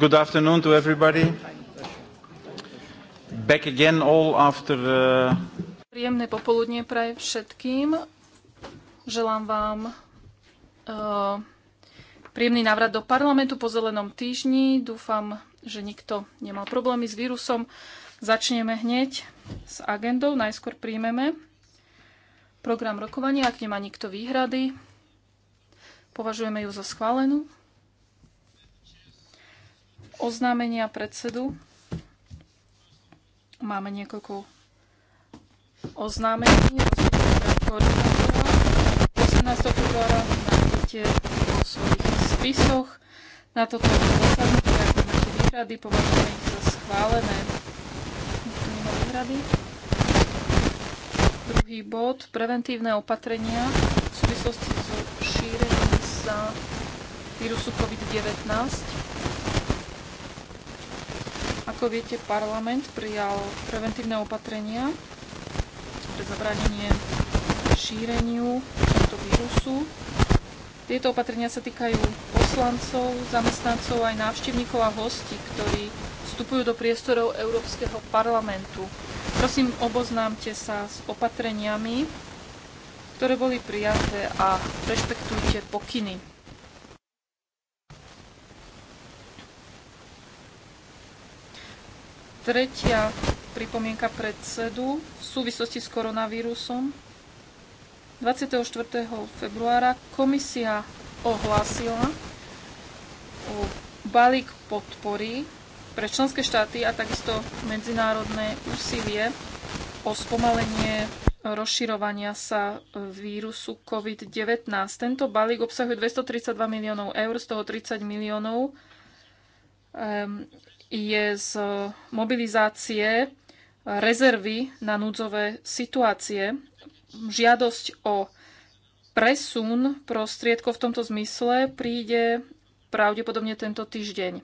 Good afternoon to everybody. Back again all after the... Uh, Príjemné popoludne pre všetkým. Želám vám uh, príjemný návrat do parlamentu po zelenom týždni. Dúfam, že nikto nemal problémy s vírusom. Začneme hneď s agendou. Najskôr príjmeme program rokovania, ak nemá nikto výhrady. Považujeme ju za schválenú oznámenia predsedu. Máme niekoľko oznámení koordinátora. 18. februára nájdete vo svojich spisoch. Na toto zasadnutie, ak máte výhrady, považujeme ich za schválené. Nikto nemá výhrady. Druhý bod, preventívne opatrenia v súvislosti so šírením sa vírusu COVID-19. Ako viete, parlament prijal preventívne opatrenia pre zabránenie šíreniu tohto vírusu. Tieto opatrenia sa týkajú poslancov, zamestnancov, aj návštevníkov a hostí, ktorí vstupujú do priestorov Európskeho parlamentu. Prosím, oboznámte sa s opatreniami, ktoré boli prijaté a rešpektujte pokyny. Tretia pripomienka predsedu v súvislosti s koronavírusom. 24. februára komisia ohlásila balík podpory pre členské štáty a takisto medzinárodné úsilie o spomalenie rozširovania sa vírusu COVID-19. Tento balík obsahuje 232 miliónov eur, z toho 30 miliónov je z mobilizácie rezervy na núdzové situácie. Žiadosť o presun prostriedkov v tomto zmysle príde pravdepodobne tento týždeň.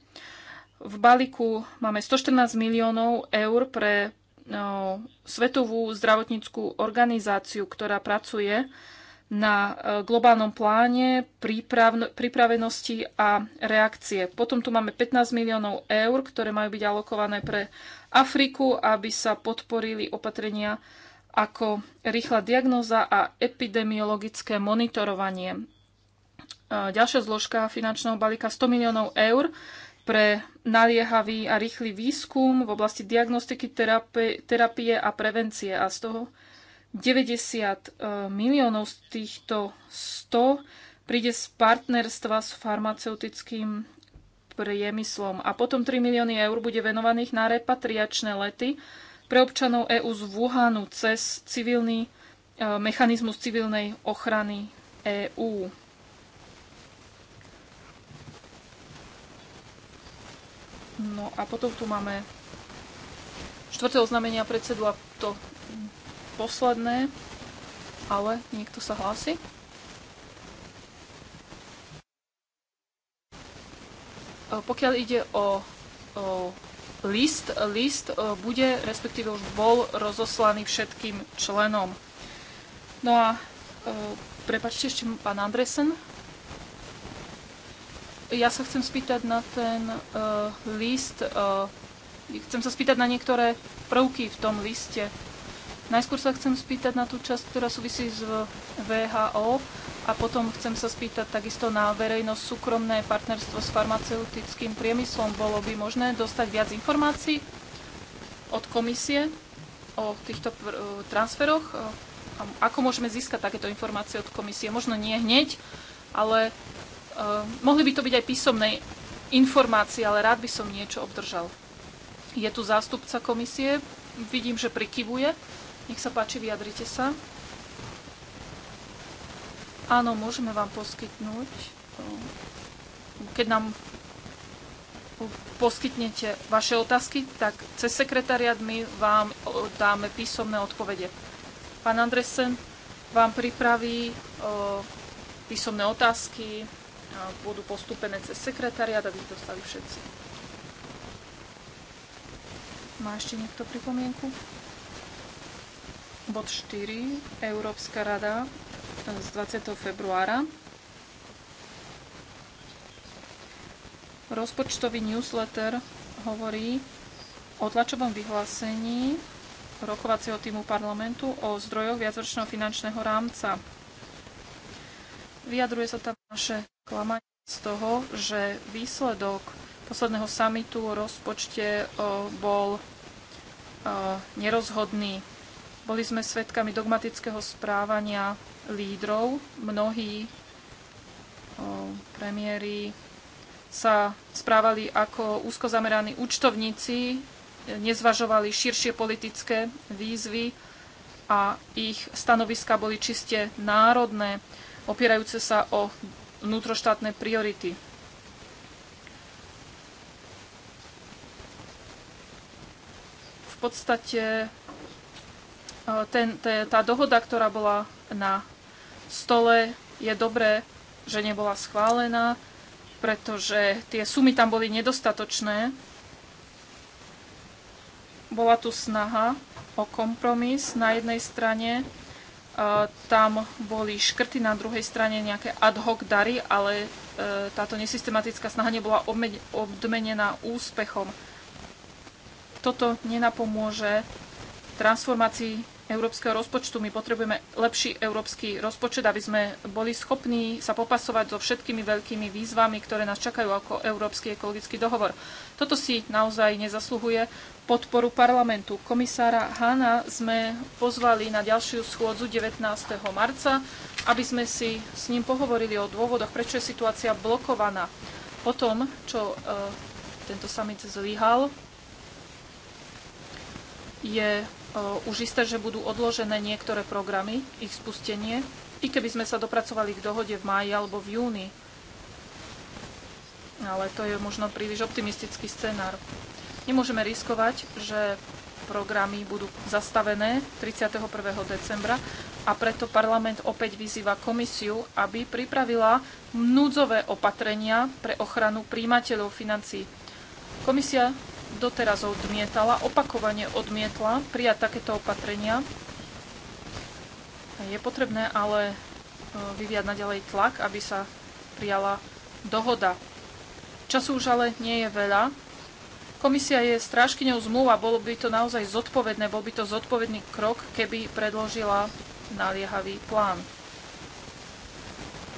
V balíku máme 114 miliónov eur pre no, Svetovú zdravotníckú organizáciu, ktorá pracuje na e, globálnom pláne pripravenosti a reakcie. Potom tu máme 15 miliónov eur, ktoré majú byť alokované pre Afriku, aby sa podporili opatrenia ako rýchla diagnóza a epidemiologické monitorovanie. E, ďalšia zložka finančného balíka 100 miliónov eur pre naliehavý a rýchly výskum v oblasti diagnostiky, terapie, terapie a prevencie. A z toho 90 eh, miliónov z týchto 100 príde z partnerstva s farmaceutickým priemyslom. A potom 3 milióny eur bude venovaných na repatriačné lety pre občanov EÚ z Wuhanu cez civilný eh, mechanizmus civilnej ochrany EÚ. No a potom tu máme štvrté oznámenia predsedu a to posledné, ale niekto sa hlási. E, pokiaľ ide o, o list, list e, bude, respektíve už bol rozoslaný všetkým členom. No a e, prepačte ešte pán Andresen. Ja sa chcem spýtať na ten uh, list, uh, chcem sa spýtať na niektoré prvky v tom liste. Najskôr sa chcem spýtať na tú časť, ktorá súvisí s VHO a potom chcem sa spýtať takisto na verejnosť súkromné partnerstvo s farmaceutickým priemyslom. Bolo by možné dostať viac informácií od komisie o týchto transferoch? A ako môžeme získať takéto informácie od komisie? Možno nie hneď, ale uh, mohli by to byť aj písomné informácie, ale rád by som niečo obdržal. Je tu zástupca komisie, vidím, že prikyvuje. Nech sa páči, vyjadrite sa. Áno, môžeme vám poskytnúť, keď nám poskytnete vaše otázky, tak cez sekretariat my vám dáme písomné odpovede. Pán Andresen vám pripraví písomné otázky, budú postupené cez sekretariat, aby ich dostali všetci. Má ešte niekto pripomienku? Bod 4. Európska rada z 20. februára. Rozpočtový newsletter hovorí o tlačovom vyhlásení rokovacieho týmu parlamentu o zdrojoch viacročného finančného rámca. Vyjadruje sa tam naše klamanie z toho, že výsledok posledného samitu o rozpočte eh, bol eh, nerozhodný. Boli sme svedkami dogmatického správania lídrov. Mnohí premiéry sa správali ako úzko zameraní účtovníci, nezvažovali širšie politické výzvy a ich stanoviska boli čiste národné, opierajúce sa o vnútroštátne priority. V podstate ten, te, tá dohoda, ktorá bola na stole, je dobré, že nebola schválená, pretože tie sumy tam boli nedostatočné. Bola tu snaha o kompromis na jednej strane, e, tam boli škrty, na druhej strane nejaké ad hoc dary, ale e, táto nesystematická snaha nebola obmenená úspechom. Toto nenapomôže transformácii európskeho rozpočtu. My potrebujeme lepší európsky rozpočet, aby sme boli schopní sa popasovať so všetkými veľkými výzvami, ktoré nás čakajú ako Európsky ekologický dohovor. Toto si naozaj nezasluhuje podporu parlamentu. Komisára Hána sme pozvali na ďalšiu schôdzu 19. marca, aby sme si s ním pohovorili o dôvodoch, prečo je situácia blokovaná. Po tom, čo e, tento summit zlyhal, je Eh, už isté, že budú odložené niektoré programy, ich spustenie, i keby sme sa dopracovali k dohode v máji alebo v júni. Ale to je možno príliš optimistický scenár. Nemôžeme riskovať, že programy budú zastavené 31. decembra a preto parlament opäť vyzýva komisiu, aby pripravila núdzové opatrenia pre ochranu príjimateľov financií. Komisia doteraz odmietala, opakovane odmietla prijať takéto opatrenia. Je potrebné ale e, vyviať naďalej tlak, aby sa prijala dohoda. Času už ale nie je veľa. Komisia je strážkyňou zmluv a bolo by to naozaj zodpovedné, bol by to zodpovedný krok, keby predložila naliehavý plán.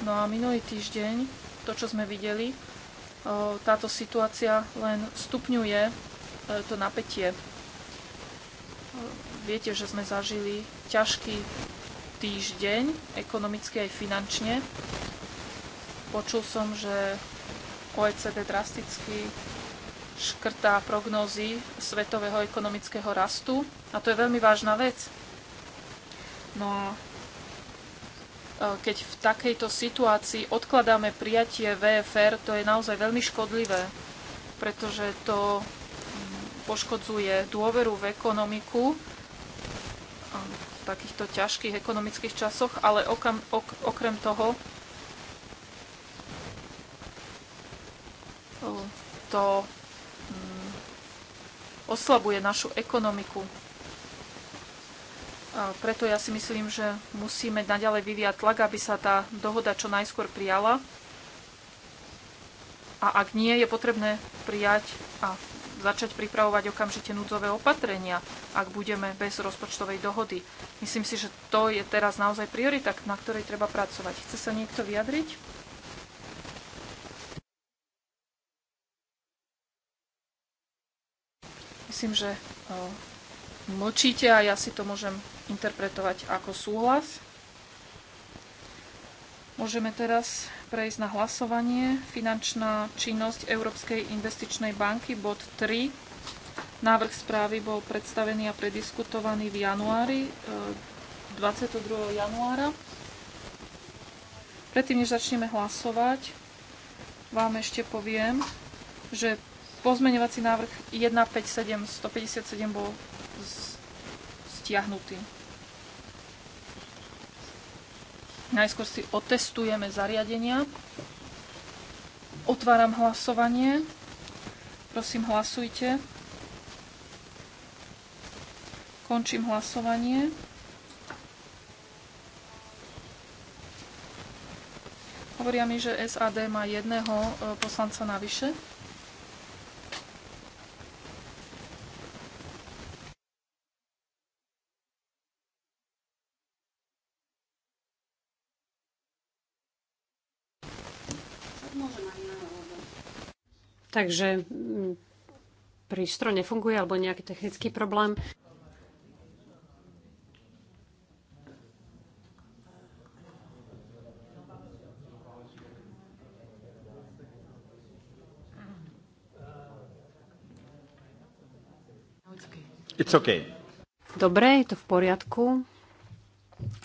No a minulý týždeň to, čo sme videli, táto situácia len stupňuje e, to napätie. Viete, že sme zažili ťažký týždeň, ekonomicky aj finančne. Počul som, že OECD drasticky škrtá prognózy svetového ekonomického rastu a to je veľmi vážna vec. No a E, keď v takejto situácii odkladáme prijatie VFR, to je naozaj veľmi škodlivé, pretože to mm, poškodzuje dôveru v ekonomiku v takýchto ťažkých ekonomických časoch, ale okam, ok, okrem toho e, to mm, oslabuje našu ekonomiku preto ja si myslím, že musíme naďalej vyviať tlak, aby sa tá dohoda čo najskôr prijala. A ak nie, je potrebné prijať a začať pripravovať okamžite núdzové opatrenia, ak budeme bez rozpočtovej dohody. Myslím si, že to je teraz naozaj priorita, na ktorej treba pracovať. Chce sa niekto vyjadriť? Myslím, že mlčíte a ja si to môžem interpretovať ako súhlas. Môžeme teraz prejsť na hlasovanie. Finančná činnosť Európskej investičnej banky, bod 3. Návrh správy bol predstavený a prediskutovaný v januári, 22. E, januára. Predtým, než začneme hlasovať, vám ešte poviem, že pozmeňovací návrh 157 157 bol stiahnutý. Najskôr si otestujeme zariadenia. Otváram hlasovanie. Prosím, hlasujte. Končím hlasovanie. Hovoria mi, že SAD má jedného e, poslanca navyše. Takže mm, prístroj nefunguje alebo nejaký technický problém. It's okay. Dobre, je to v poriadku.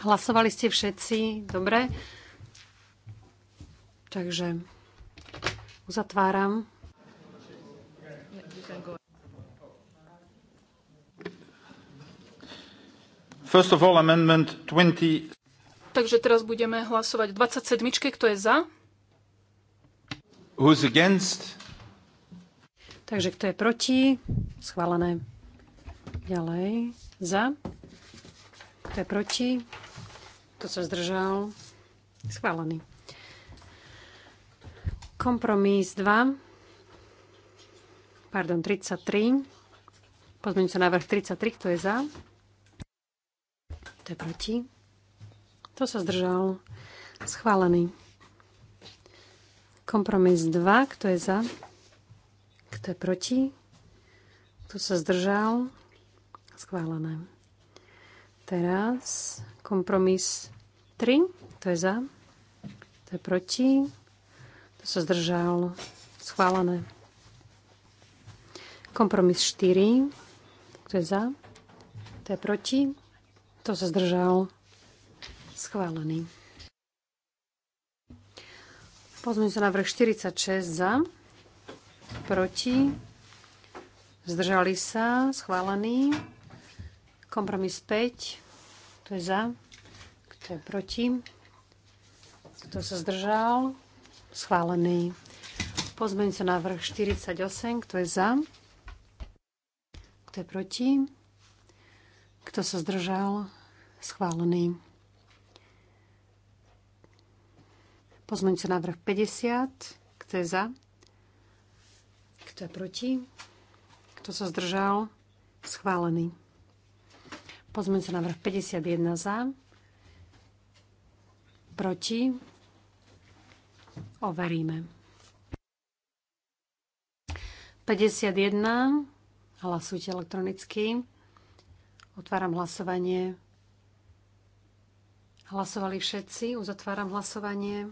Hlasovali ste všetci, dobre. Takže uzatváram Takže teraz budeme hlasovať 27. Kto je za? Who's against? Takže kto je proti? Schválené. Ďalej. Za. Kto je proti? Kto sa zdržal? Schválený. Kompromis 2 pardon, 33. Pozmeňujúci návrh 33, kto je za? Kto je proti? Kto sa zdržal? Schválený. Kompromis 2, kto je za? Kto je proti? Kto sa zdržal? Schválené. Teraz kompromis 3, kto je za? Kto je proti? Kto sa zdržal? Schválené. Kompromis 4. Kto je za? Kto je proti? Kto sa zdržal? Schválený. Pozmeň sa vrch 46 za. Proti. Zdržali sa. Schválený. Kompromis 5. Kto je za? Kto je proti? Kto sa zdržal? Schválený. Pozmeň sa návrh 48. Kto je za? Kto je proti? Kto sa zdržal? Schválený. Pozmeňujúci návrh 50. Kto je za? Kto je proti? Kto sa zdržal? Schválený. Pozmeňujúci návrh 51 za. Proti? Overíme. 51. Hlasujte elektronicky. Otváram hlasovanie. Hlasovali všetci. Uzatváram hlasovanie.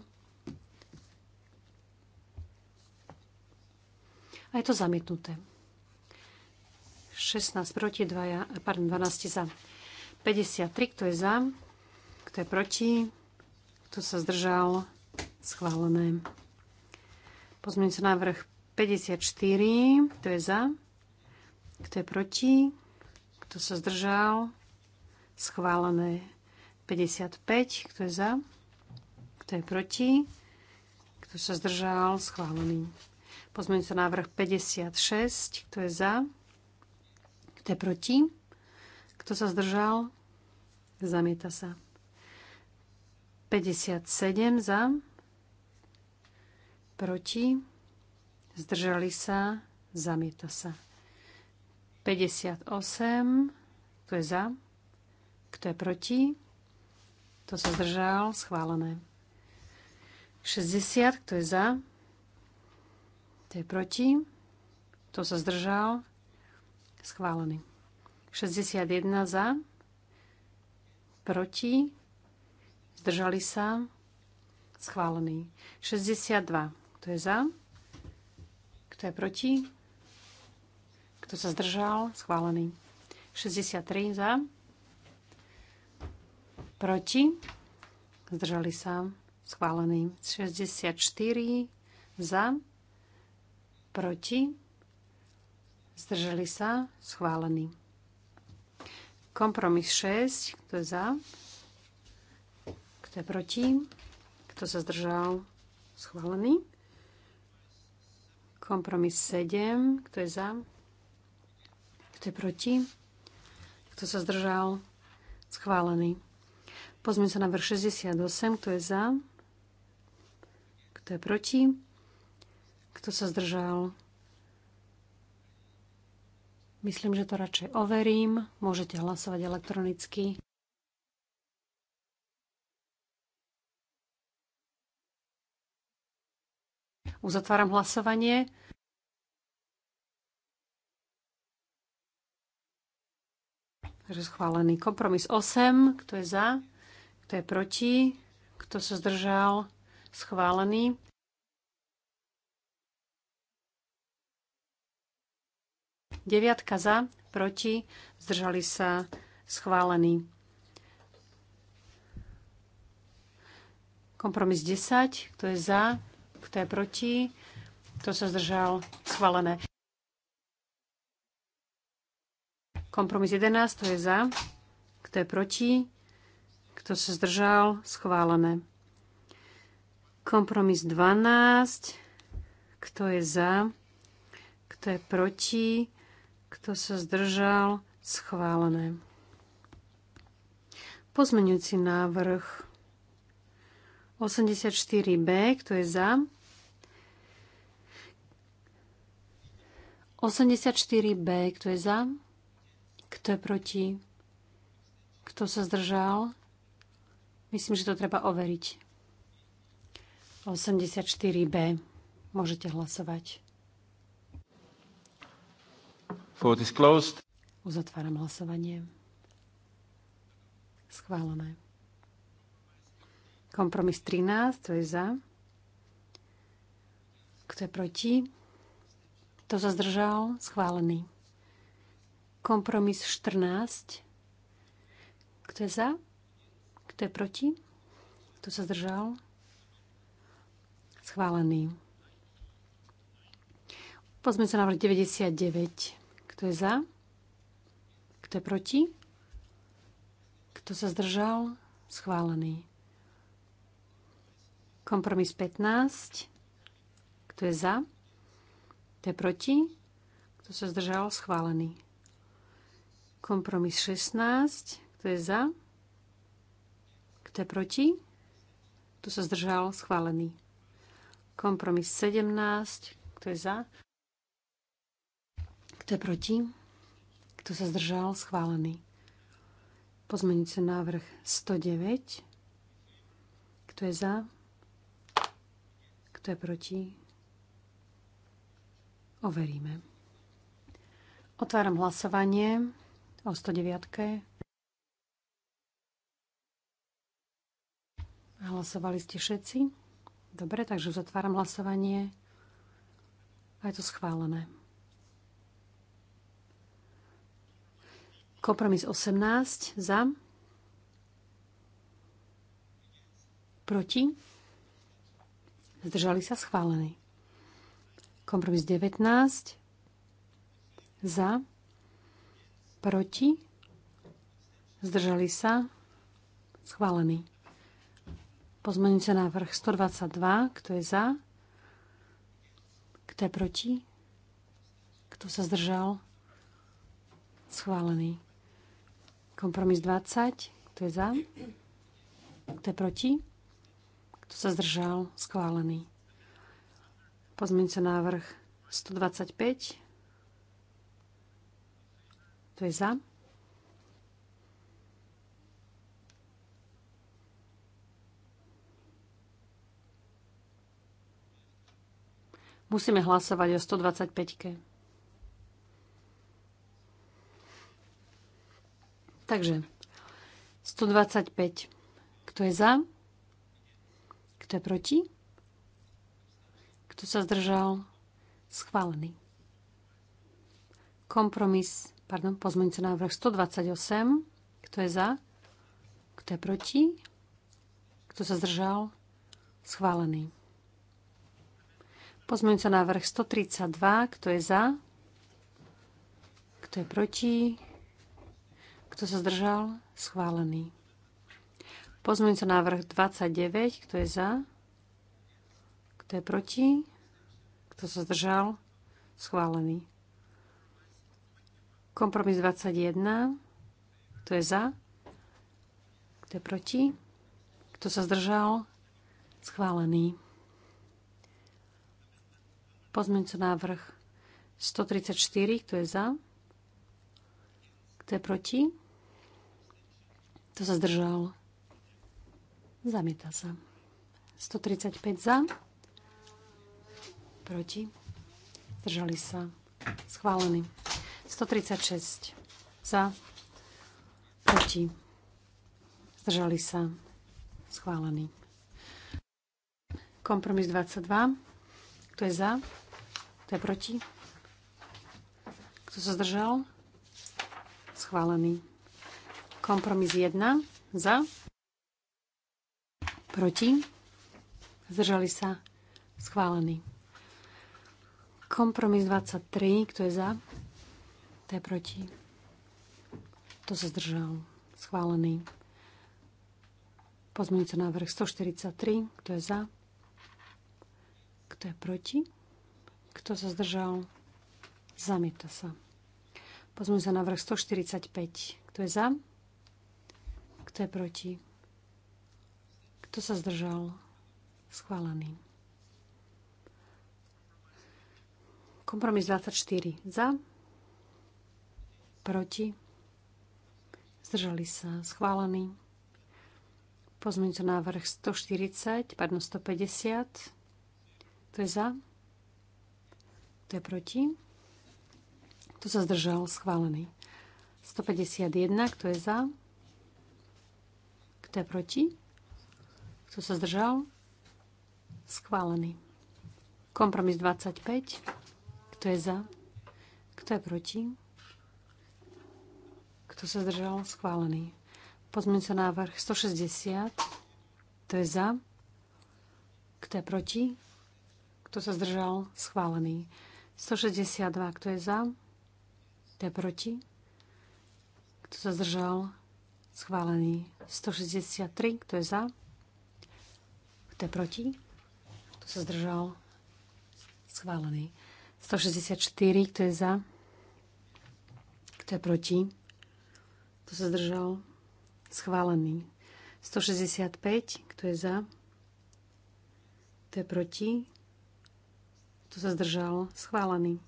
A je to zamietnuté. 16 proti, 2, pardon, 12 za. 53, kto je za, kto je proti, kto sa zdržal, schválené. Pozmeňujúci návrh 54, kto je za, kto je proti? Kto sa zdržal? Schválené 55. Kto je za? Kto je proti? Kto sa zdržal? Schválený. sa návrh 56. Kto je za? Kto je proti? Kto sa zdržal? Zamieta sa. 57 za, proti, zdržali sa, zamieta sa. 58. Kto je za? Kto je proti? Kto sa zdržal? Schválené. 60. Kto je za? Kto je proti? Kto sa zdržal? Schválený. 61 za, proti, zdržali sa, schválený. 62. Kto je za? Kto je proti? Kto sa zdržal? Schválený. 63 za. Proti. Zdržali sa. Schválený. 64 za. Proti. Zdržali sa. Schválený. Kompromis 6. Kto je za? Kto je proti? Kto sa zdržal? Schválený. Kompromis 7. Kto je za? Kto je proti? Kto sa zdržal? Schválený. Pozmeň sa na vrch 68. Kto je za? Kto je proti? Kto sa zdržal? Myslím, že to radšej overím. Môžete hlasovať elektronicky. Uzatváram hlasovanie. Takže schválený kompromis 8. Kto je za? Kto je proti? Kto sa zdržal? Schválený. Deviatka za, proti, zdržali sa, schválený. Kompromis 10, kto je za, kto je proti, kto sa zdržal, schválené. Kompromis 11, to je za. Kto je proti? Kto sa zdržal? Schválené. Kompromis 12. Kto je za? Kto je proti? Kto sa zdržal? Schválené. Pozmeňujúci návrh 84b. Kto je za? 84b. Kto je za? Kto je proti? Kto sa zdržal? Myslím, že to treba overiť. 84b. Môžete hlasovať. Vote is closed. Uzatváram hlasovanie. Schválené. Kompromis 13, to je za. Kto je proti? Kto sa zdržal? Schválený. Kompromis 14. Kto je za? Kto je proti? Kto sa zdržal? Schválený. Pozme sa návrh 99. Kto je za? Kto je proti? Kto sa zdržal? Schválený. Kompromis 15. Kto je za? Kto je proti? Kto sa zdržal? Schválený. Kompromis 16. Kto je za? Kto je proti? Kto sa zdržal? Schválený. Kompromis 17. Kto je za? Kto je proti? Kto sa zdržal? Schválený. Pozmenujúci návrh 109. Kto je za? Kto je proti? Overíme. Otváram hlasovanie o 109. Hlasovali ste všetci? Dobre, takže zatváram hlasovanie. A je to schválené. Kompromis 18 za. Proti. Zdržali sa schválený. Kompromis 19 za proti, zdržali sa, schválený. Pozmenujúci návrh 122, kto je za, kto je proti, kto sa zdržal, schválený. Kompromis 20, kto je za, kto je proti, kto sa zdržal, schválený. Pozmenujúci návrh 125, to je za. Musíme hlasovať o 125-ke. Takže 125. Kto je za? Kto je proti? Kto sa zdržal? Schválený. Kompromis pardon, pozmeňte návrh 128. Kto je za? Kto je proti? Kto sa zdržal? Schválený. Pozmeňujúci návrh 132. Kto je za? Kto je proti? Kto sa zdržal? Schválený. Pozmeňujúci návrh 29. Kto je za? Kto je proti? Kto sa zdržal? Schválený. Kompromis 21. Kto je za? Kto je proti? Kto sa zdržal? Schválený. Pozmeňujúci návrh 134. Kto je za? Kto je proti? Kto sa zdržal? Zamieta sa. 135 za. Proti. Zdržali sa. Schválený. 136 za, proti, zdržali sa, schválený. Kompromis 22, kto je za, kto je proti, kto sa zdržal, schválený. Kompromis 1, za, proti, zdržali sa, schválený. Kompromis 23, kto je za, kto je proti? Kto sa zdržal? Schválený. Pozmeňujúci návrh 143. Kto je za? Kto je proti? Kto sa zdržal? Zamieta sa. Pozmeňujúci návrh 145. Kto je za? Kto je proti? Kto sa zdržal? Schválený. Kompromis 24. Za? proti, zdržali sa, schválený. to návrh 140, pardon 150, to je za, to je proti, To sa zdržal, schválený. 151, kto je za? Kto je proti? Kto sa zdržal? Schválený. Kompromis 25. Kto je za? Kto je proti? Kto sa zdržal? Schválený. sa návrh 160. Kto je za? Kto je proti? Kto sa zdržal? Schválený. 162. Kto je za? Kto je proti? Kto sa zdržal? Schválený. 163. Kto je za? Kto je proti? Kto sa zdržal? Schválený. 164. Kto je za? Kto je proti? Kto sa zdržal? Schválený. 165. Kto je za? Kto je proti? Kto sa zdržal? Schválený.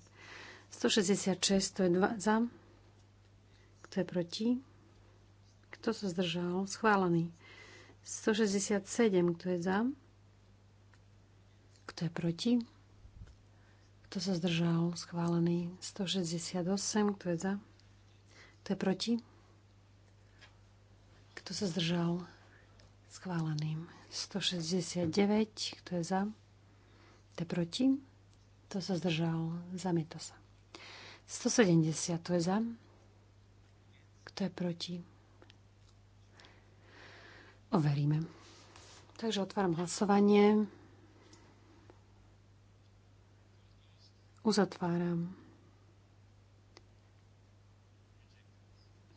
166. Kto je dva, za? Kto je proti? Kto sa zdržal? Schválený. 167. Kto je za? Kto je proti? Kto sa zdržal? Schválený. 168. Kto je za? Kto je proti? Kto sa zdržal? Schváleným. 169. Kto je za? Kto je proti? Kto sa zdržal? Zamieta sa. 170. Kto je za? Kto je proti? Overíme. Takže otváram hlasovanie. Uzatváram.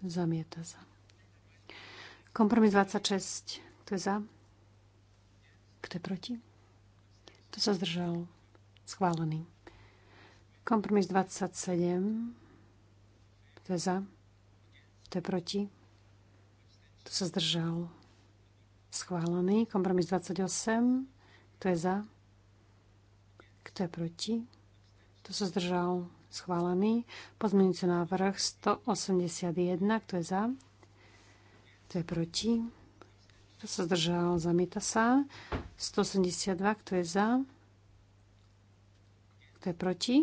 Zamieta sa. Kompromis 26. Kto je za? Kto je proti? Kto sa zdržal? Schválený. Kompromis 27. Kto je za? Kto je proti? Kto sa zdržal? Schválený. Kompromis 28. Kto je za? Kto je proti? Kto sa zdržal? Schválený. Pozmeňujúci návrh 181. Kto je za? Kto je proti? Kto sa zdržal? Zamieta sa. 182. Kto je za? Kto je proti?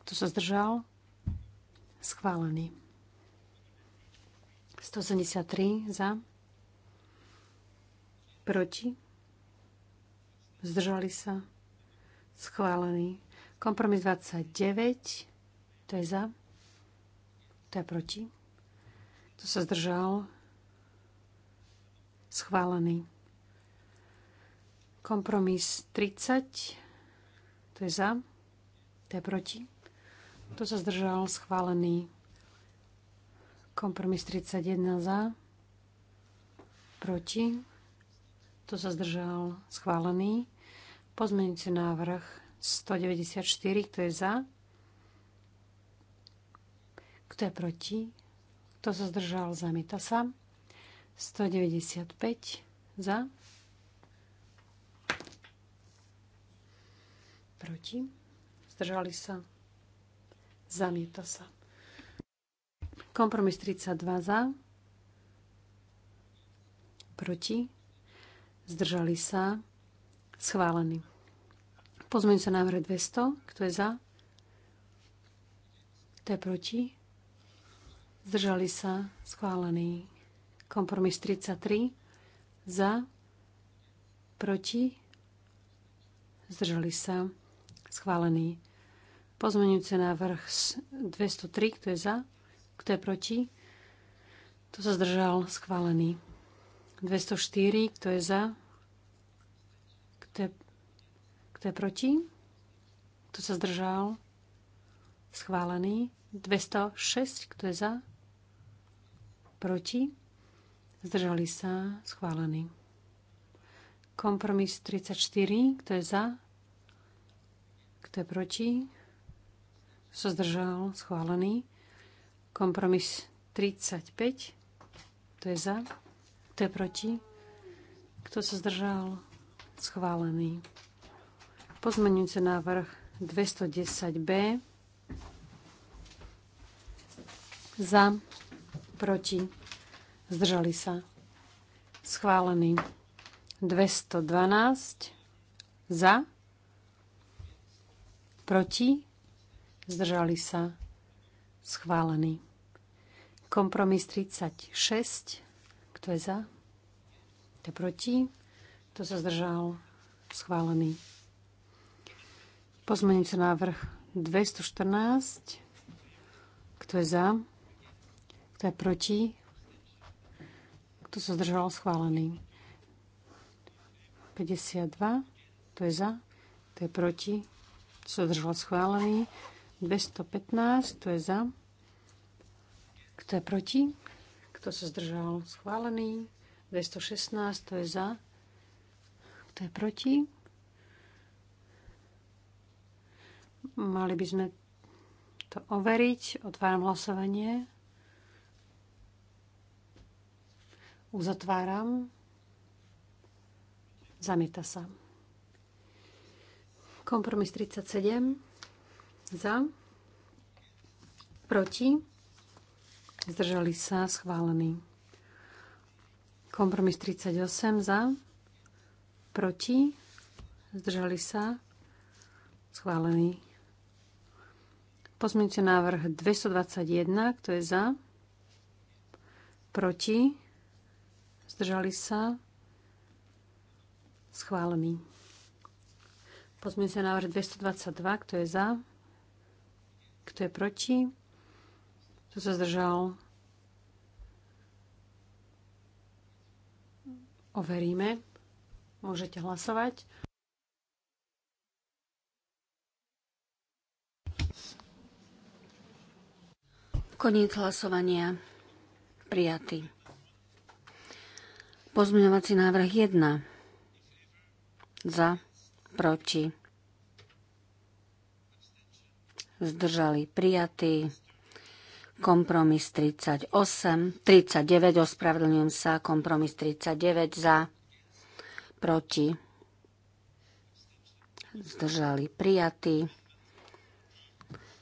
Kto sa zdržal? Schválený. 173 za. Proti. Zdržali sa. Schválený. Kompromis 29. To je za. To je proti. Kto sa zdržal? Schválený. Kompromis 30. To je za. To je proti. Kto sa zdržal? Schválený. Kompromis 31 za. Proti. Kto sa zdržal? Schválený. Pozmeňujúci návrh 194. Kto je za? Kto je proti? Kto sa zdržal, zamieta sa. 195 za. Proti. Zdržali sa. Zamieta sa. Kompromis 32 za. Proti. Zdržali sa. Schválený. Pozmeň sa návrh 200. Kto je za? Kto je proti? zdržali sa, schválený. Kompromis 33, za, proti, zdržali sa, schválený. Pozmenujúce návrh 203, kto je za, kto je proti, kto sa zdržal, schválený. 204, kto je za, kto je, kto je proti, kto sa zdržal, schválený. 206, kto je za, proti, zdržali sa, schválený. Kompromis 34, kto je za, kto je proti, kto sa zdržal, schválený. Kompromis 35, kto je za, kto je proti, kto sa zdržal, schválený. Pozmenujúci návrh 210b za proti, zdržali sa, schválený. 212 za, proti, zdržali sa, schválený. Kompromis 36, kto je za, kto je proti, kto sa zdržal, schválený. Pozmením sa návrh 214, kto je za, kto je proti? Kto sa zdržal? Schválený. 52. to je za? Kto je proti? Kto sa zdržal? Schválený. 215. to je za? Kto je proti? Kto sa zdržal? Schválený. 216. to je za? Kto je proti? Mali by sme to overiť. Otváram hlasovanie. Uzatváram. Zamieta sa. Kompromis 37. Za. Proti. Zdržali sa. Schválený. Kompromis 38. Za. Proti. Zdržali sa. Schválený. Pozmeňujúci návrh 221. Kto je za? Proti zdržali sa, schválený. Pozmeň sa návrh 222, kto je za, kto je proti, kto sa zdržal, overíme. Môžete hlasovať. Koniec hlasovania. Prijatý. Pozmeňovací návrh 1. Za, proti. Zdržali prijatý. Kompromis 38, 39, ospravedlňujem sa, kompromis 39 za, proti. Zdržali prijatý.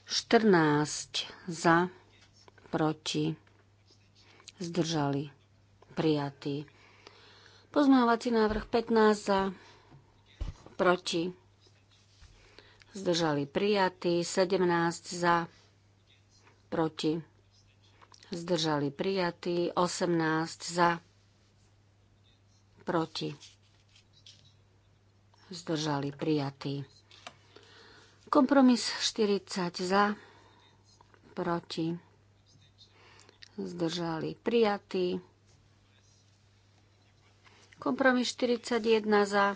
14 za, proti. Zdržali prijatý. Pozmeňovací návrh 15 za, proti, zdržali prijatí, 17 za, proti, zdržali prijatí, 18 za, proti, zdržali prijatí. Kompromis 40 za, proti, zdržali prijatí. Kompromis 41 za,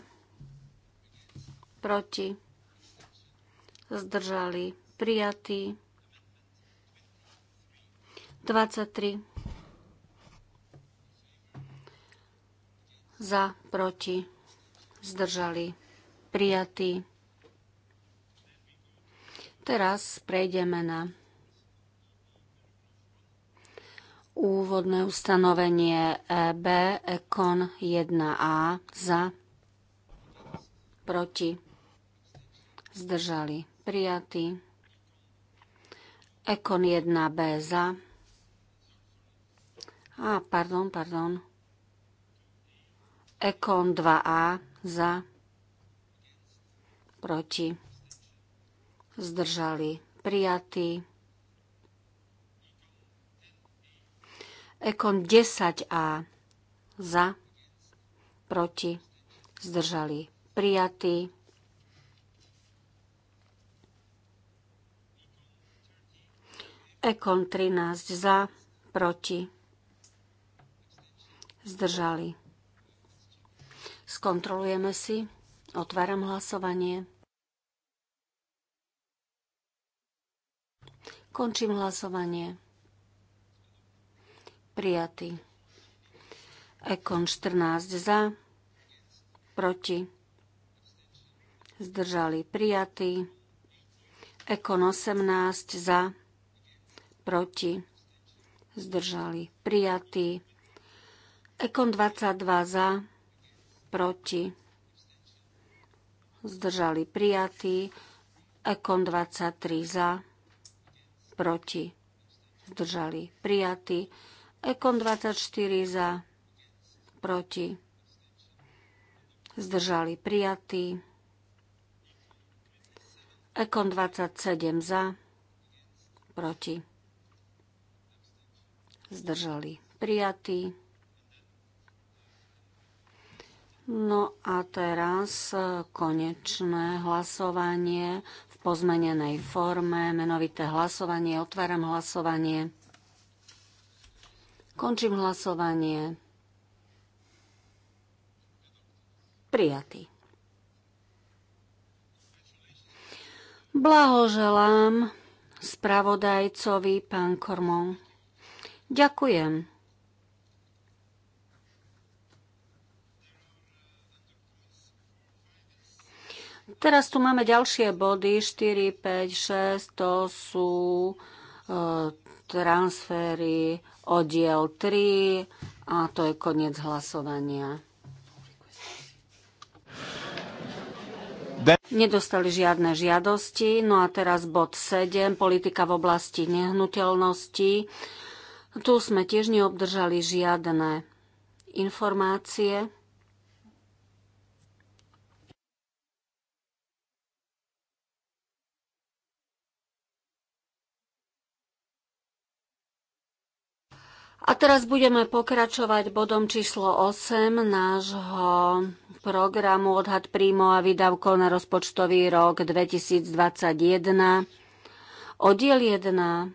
proti, zdržali, prijatý. 23 za, proti, zdržali, prijatý. Teraz prejdeme na Úvodné ustanovenie EB, Ekon 1A, za, proti, zdržali, prijatý. Ekon 1B za. A, pardon, pardon. Ekon 2A za, proti, zdržali, prijatý. Ekon 10a za, proti, zdržali prijatý. Ekon 13 za, proti, zdržali. Skontrolujeme si. Otváram hlasovanie. Končím hlasovanie prijatý. Ekon 14 za, proti, zdržali prijatý. Ekon 18 za, proti, zdržali prijatý. Ekon 22 za, proti, zdržali prijatý. Ekon 23 za, proti, zdržali prijatý. Ekon 24 za, proti, zdržali prijatí. Ekon 27 za, proti, zdržali prijatí. No a teraz konečné hlasovanie v pozmenenej forme, menovité hlasovanie, otváram hlasovanie. Končím hlasovanie. Prijatý. Blahoželám spravodajcovi pán Kormon. Ďakujem. Teraz tu máme ďalšie body 4, 5, 6, to sú e, transfery, oddiel 3 a to je koniec hlasovania. Nedostali žiadne žiadosti. No a teraz bod 7, politika v oblasti nehnuteľnosti. Tu sme tiež neobdržali žiadne informácie. A teraz budeme pokračovať bodom číslo 8 nášho programu Odhad príjmov a výdavkov na rozpočtový rok 2021. Oddiel 1.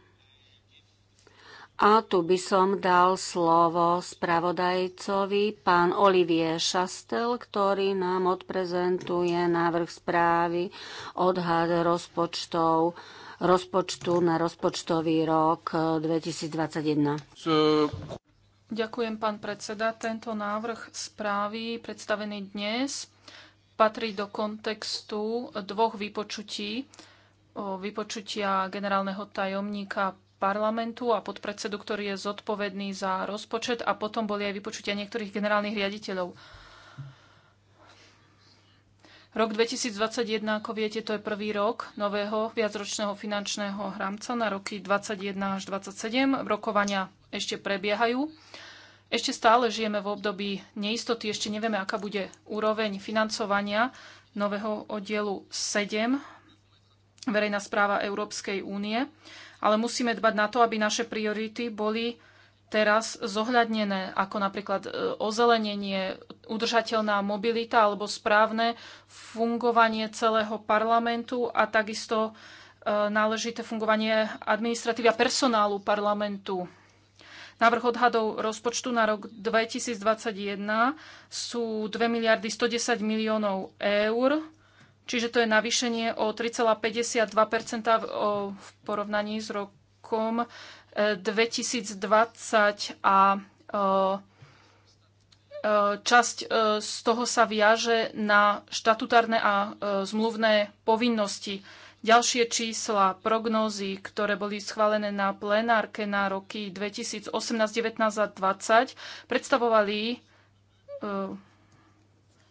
A tu by som dal slovo spravodajcovi pán Olivier Šastel, ktorý nám odprezentuje návrh správy odhad rozpočtov rozpočtu na rozpočtový rok 2021. Eh, Ďakujem, pán predseda. Tento návrh správy predstavený dnes patrí do kontextu dvoch vypočutí. Vypočutia generálneho tajomníka parlamentu a podpredsedu, ktorý je zodpovedný za rozpočet a potom boli aj vypočutia niektorých generálnych riaditeľov. Rok 2021, ako viete, to je prvý rok nového viacročného finančného rámca na roky 2021 až 2027. Rokovania ešte prebiehajú. Ešte stále žijeme v období neistoty, ešte nevieme, aká bude úroveň financovania nového oddielu 7, verejná správa Európskej únie, ale musíme dbať na to, aby naše priority boli teraz zohľadnené, ako napríklad e, ozelenenie, udržateľná mobilita alebo správne fungovanie celého parlamentu a takisto e, náležité fungovanie administratívy a personálu parlamentu. Návrh odhadov rozpočtu na rok 2021 sú 2 miliardy 110 miliónov eur, čiže to je navýšenie o 3,52 v porovnaní s rokom 2020 e, a e, E, časť e, z toho sa viaže na štatutárne a e, zmluvné povinnosti. Ďalšie čísla, prognózy, ktoré boli schválené na plenárke na roky 2018, 19 a 20, predstavovali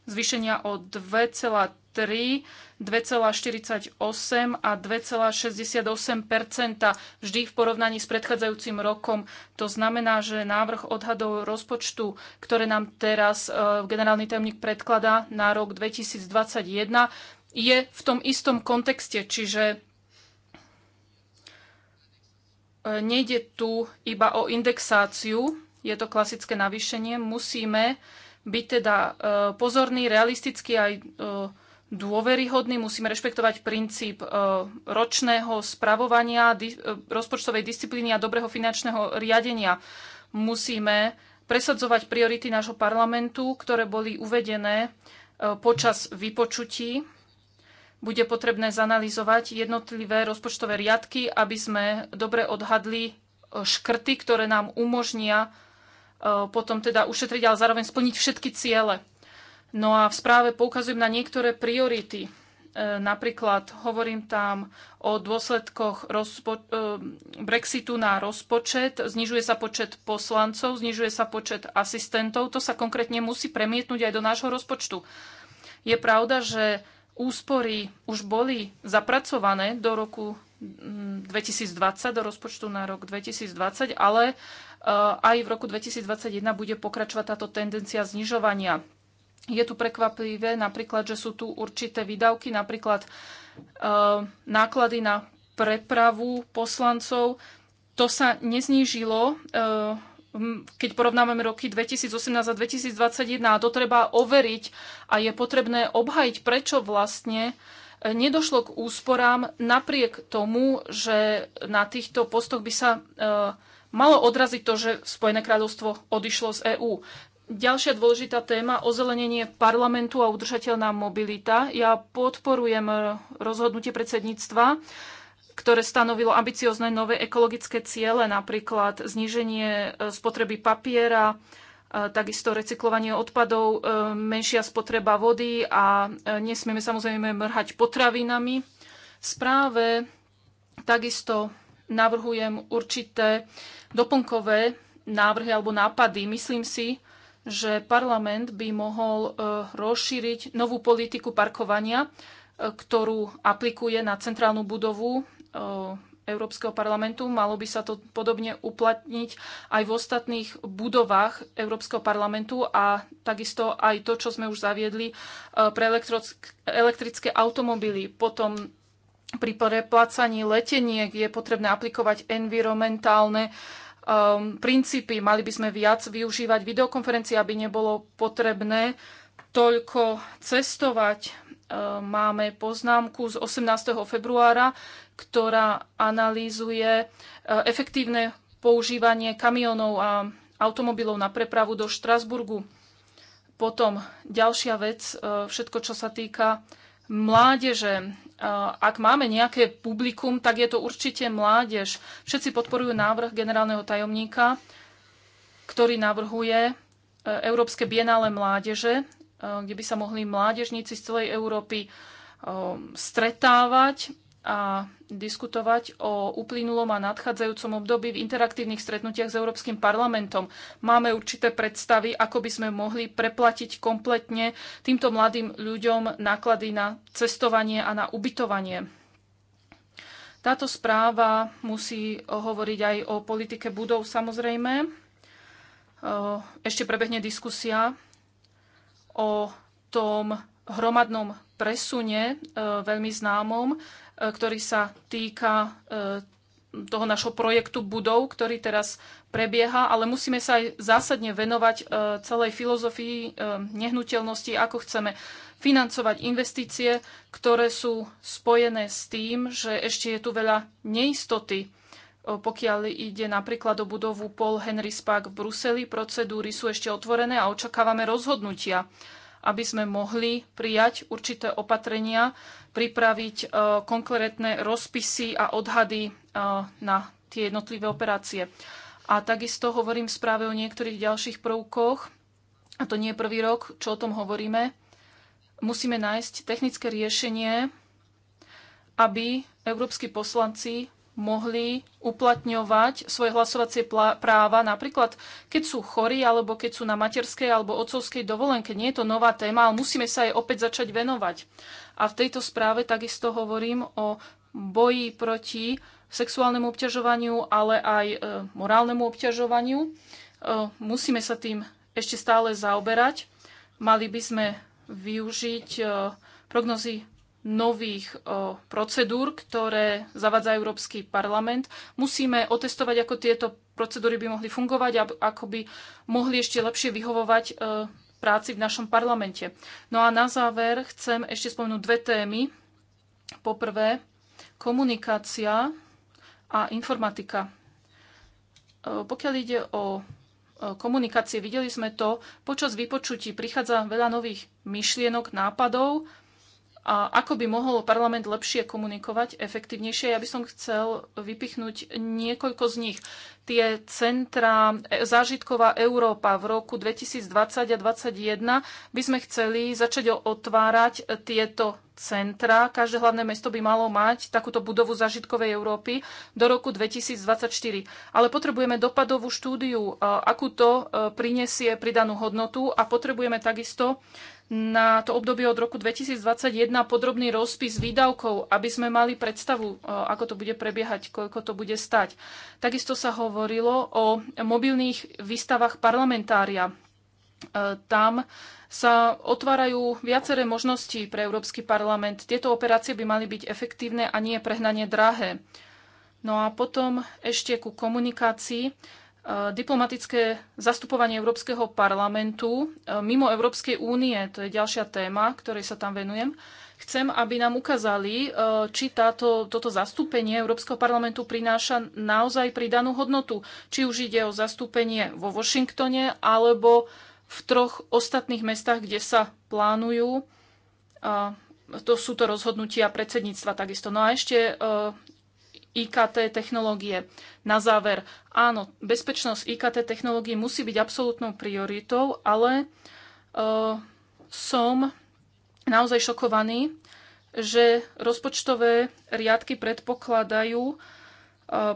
zvýšenia o 2,3 2,48 a 2,68 vždy v porovnaní s predchádzajúcim rokom. To znamená, že návrh odhadov rozpočtu, ktoré nám teraz e, generálny tajomník predkladá na rok 2021, je v tom istom kontexte, čiže e, nejde tu iba o indexáciu, je to klasické navýšenie, musíme byť teda e, pozorný, realistický aj dôveryhodný, musíme rešpektovať princíp e, ročného spravovania, e, rozpočtovej disciplíny a dobrého finančného riadenia. Musíme presadzovať priority nášho parlamentu, ktoré boli uvedené e, počas vypočutí. Bude potrebné zanalizovať jednotlivé rozpočtové riadky, aby sme dobre odhadli škrty, ktoré nám umožnia potom teda ušetriť, ale zároveň splniť všetky ciele. No a v správe poukazujem na niektoré priority. E, napríklad hovorím tam o dôsledkoch e, Brexitu na rozpočet, znižuje sa počet poslancov, znižuje sa počet asistentov. To sa konkrétne musí premietnúť aj do nášho rozpočtu. Je pravda, že úspory už boli zapracované do roku 2020, mm, do rozpočtu na rok 2020, ale e, aj v roku 2021 bude pokračovať táto tendencia znižovania je tu prekvapivé napríklad, že sú tu určité výdavky, napríklad e, náklady na prepravu poslancov. To sa neznížilo, e, keď porovnávame roky 2018 a 2021 a to treba overiť a je potrebné obhajiť, prečo vlastne eh, nedošlo k úsporám napriek tomu, že na týchto postoch by sa e, malo odraziť to, že Spojené kráľovstvo odišlo z EÚ. Ďalšia dôležitá téma, ozelenenie parlamentu a udržateľná mobilita. Ja podporujem rozhodnutie predsedníctva, ktoré stanovilo ambiciozne nové ekologické ciele, napríklad zníženie e, spotreby papiera, e, takisto recyklovanie odpadov, e, menšia spotreba vody a nesmieme samozrejme mrhať potravinami. V správe takisto navrhujem určité doplnkové návrhy alebo nápady. Myslím si, že parlament by mohol e, rozšíriť novú politiku parkovania, e, ktorú aplikuje na centrálnu budovu e, Európskeho parlamentu. Malo by sa to podobne uplatniť aj v ostatných budovách Európskeho parlamentu a takisto aj to, čo sme už zaviedli pre elektrické automobily. Potom pri preplácaní leteniek je potrebné aplikovať environmentálne uh, um, princípy. Mali by sme viac využívať videokonferencie, aby nebolo potrebné toľko cestovať. Um, máme poznámku z 18. februára, ktorá analýzuje uh, efektívne používanie kamionov a automobilov na prepravu do Štrasburgu. Potom ďalšia vec, uh, všetko, čo sa týka mládeže. Ak máme nejaké publikum, tak je to určite mládež. Všetci podporujú návrh generálneho tajomníka, ktorý navrhuje e, Európske bienále mládeže, e, kde by sa mohli mládežníci z celej Európy e, stretávať a diskutovať o uplynulom a nadchádzajúcom období v interaktívnych stretnutiach s Európskym parlamentom. Máme určité predstavy, ako by sme mohli preplatiť kompletne týmto mladým ľuďom náklady na cestovanie a na ubytovanie. Táto správa musí hovoriť aj o politike budov samozrejme. Ehm, ešte prebehne diskusia o tom hromadnom presune, ehm, veľmi známom, E, ktorý sa týka e, toho našho projektu budov, ktorý teraz prebieha, ale musíme sa aj zásadne venovať e, celej filozofii nehnuteľnosti, ako chceme financovať investície, ktoré sú spojené s tým, že ešte je tu veľa neistoty pokiaľ ide napríklad o budovu Paul Henry Spak v Bruseli. Procedúry sú ešte otvorené a očakávame rozhodnutia aby sme mohli prijať určité opatrenia, pripraviť e, konkrétne rozpisy a odhady e, na tie jednotlivé operácie. A takisto hovorím v správe o niektorých ďalších prvkoch, a to nie je prvý rok, čo o tom hovoríme. Musíme nájsť technické riešenie, aby európsky poslanci mohli uplatňovať svoje hlasovacie práva, napríklad keď sú chorí, alebo keď sú na materskej alebo otcovskej dovolenke. Nie je to nová téma, ale musíme sa jej opäť začať venovať. A v tejto správe takisto hovorím o boji proti sexuálnemu obťažovaniu, ale aj e, morálnemu obťažovaniu. E, musíme sa tým ešte stále zaoberať. Mali by sme využiť e, prognozy nových o, procedúr, ktoré zavádza Európsky parlament. Musíme otestovať, ako tieto procedúry by mohli fungovať a ako by mohli ešte lepšie vyhovovať e, práci v našom parlamente. No a na záver chcem ešte spomenúť dve témy. Poprvé, komunikácia a informatika. E, pokiaľ ide o komunikácie. Videli sme to, počas vypočutí prichádza veľa nových myšlienok, nápadov, a ako by mohol parlament lepšie komunikovať, efektívnejšie. Ja by som chcel vypichnúť niekoľko z nich. Tie centra e, Zážitková Európa v roku 2020 a 2021 by sme chceli začať otvárať tieto centra. Každé hlavné mesto by malo mať takúto budovu Zážitkovej Európy do roku 2024. Ale potrebujeme dopadovú štúdiu, akú to e, prinesie pridanú hodnotu a potrebujeme takisto na to obdobie od roku 2021 podrobný rozpis výdavkov, aby sme mali predstavu, e, ako to bude prebiehať, koľko to bude stať. Takisto sa hovorilo o mobilných výstavách parlamentária. E, tam sa otvárajú viaceré možnosti pre Európsky parlament. Tieto operácie by mali byť efektívne a nie prehnanie drahé. No a potom ešte ku komunikácii. E, diplomatické zastupovanie Európskeho parlamentu e, mimo Európskej únie. To je ďalšia téma, ktorej sa tam venujem. Chcem, aby nám ukázali, e, či táto, toto zastúpenie Európskeho parlamentu prináša naozaj pridanú hodnotu. Či už ide o zastúpenie vo Washingtone alebo v troch ostatných mestách, kde sa plánujú. To sú to rozhodnutia predsedníctva takisto. No a ešte IKT technológie. Na záver, áno, bezpečnosť IKT technológií musí byť absolútnou prioritou, ale uh, som naozaj šokovaný, že rozpočtové riadky predpokladajú uh,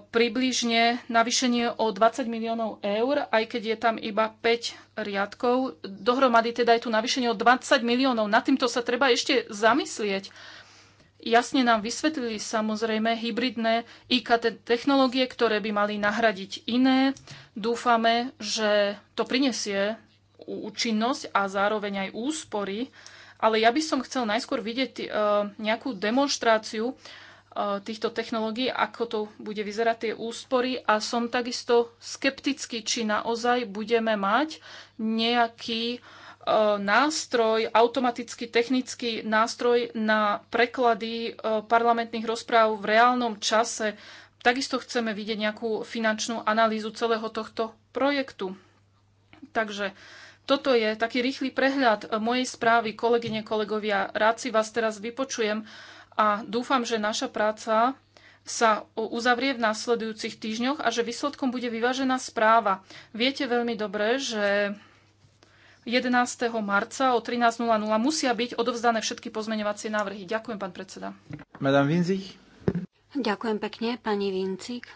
približne navýšenie o 20 miliónov eur, aj keď je tam iba 5 riadkov. Dohromady teda je tu navýšenie o 20 miliónov. Nad týmto sa treba ešte zamyslieť Jasne nám vysvetlili samozrejme hybridné IKT technológie, ktoré by mali nahradiť iné. Dúfame, že to prinesie účinnosť a zároveň aj úspory, ale ja by som chcel najskôr vidieť e, nejakú demonstráciu e, týchto technológií, ako to bude vyzerať tie úspory a som takisto skeptický, či naozaj budeme mať nejaký uh, E, nástroj, automatický technický nástroj na preklady e, parlamentných rozpráv v reálnom čase. Takisto chceme vidieť nejakú finančnú analýzu celého tohto projektu. Takže toto je taký rýchly prehľad mojej správy, kolegyne, kolegovia. Rád si vás teraz vypočujem a dúfam, že naša práca sa uzavrie v následujúcich týždňoch a že výsledkom bude vyvážená správa. Viete veľmi dobre, že 11. marca o 13.00 musia byť odovzdané všetky pozmeňovacie návrhy. Ďakujem, pán predseda. Madame Vinzich. Ďakujem pekne, pani Vincik.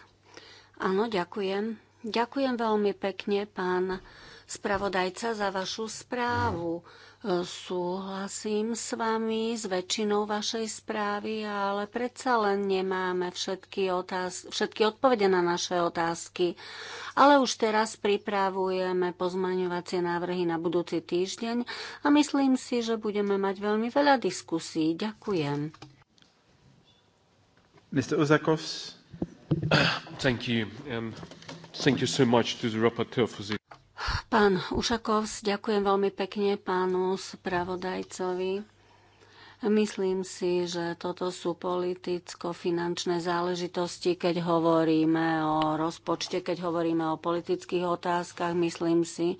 Áno, ďakujem. Ďakujem veľmi pekne, pán spravodajca, za vašu správu. Súhlasím s vami s väčšinou vašej správy, ale predsa len nemáme všetky, otáz- všetky odpovede na naše otázky. Ale už teraz pripravujeme pozmaňovacie návrhy na budúci týždeň a myslím si, že budeme mať veľmi veľa diskusí. Ďakujem. Mr. Uzakovs. Thank you. Um, thank you so much to the rapporteur for the Pán Ušakov, ďakujem veľmi pekne pánu spravodajcovi. Myslím si, že toto sú politicko-finančné záležitosti, keď hovoríme o rozpočte, keď hovoríme o politických otázkach. Myslím si,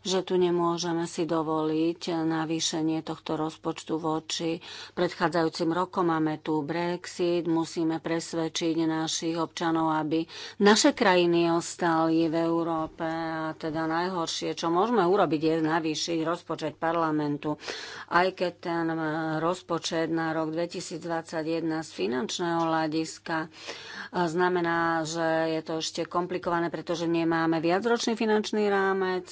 že tu nemôžeme si dovoliť navýšenie tohto rozpočtu voči predchádzajúcim rokom. Máme tu Brexit, musíme presvedčiť našich občanov, aby naše krajiny ostali v Európe a teda najhoršie, čo môžeme urobiť, je navýšiť rozpočet parlamentu. Aj keď ten rozpočet na rok 2021 z finančného hľadiska znamená, že je to ešte komplikované, pretože nemáme viacročný finančný rámec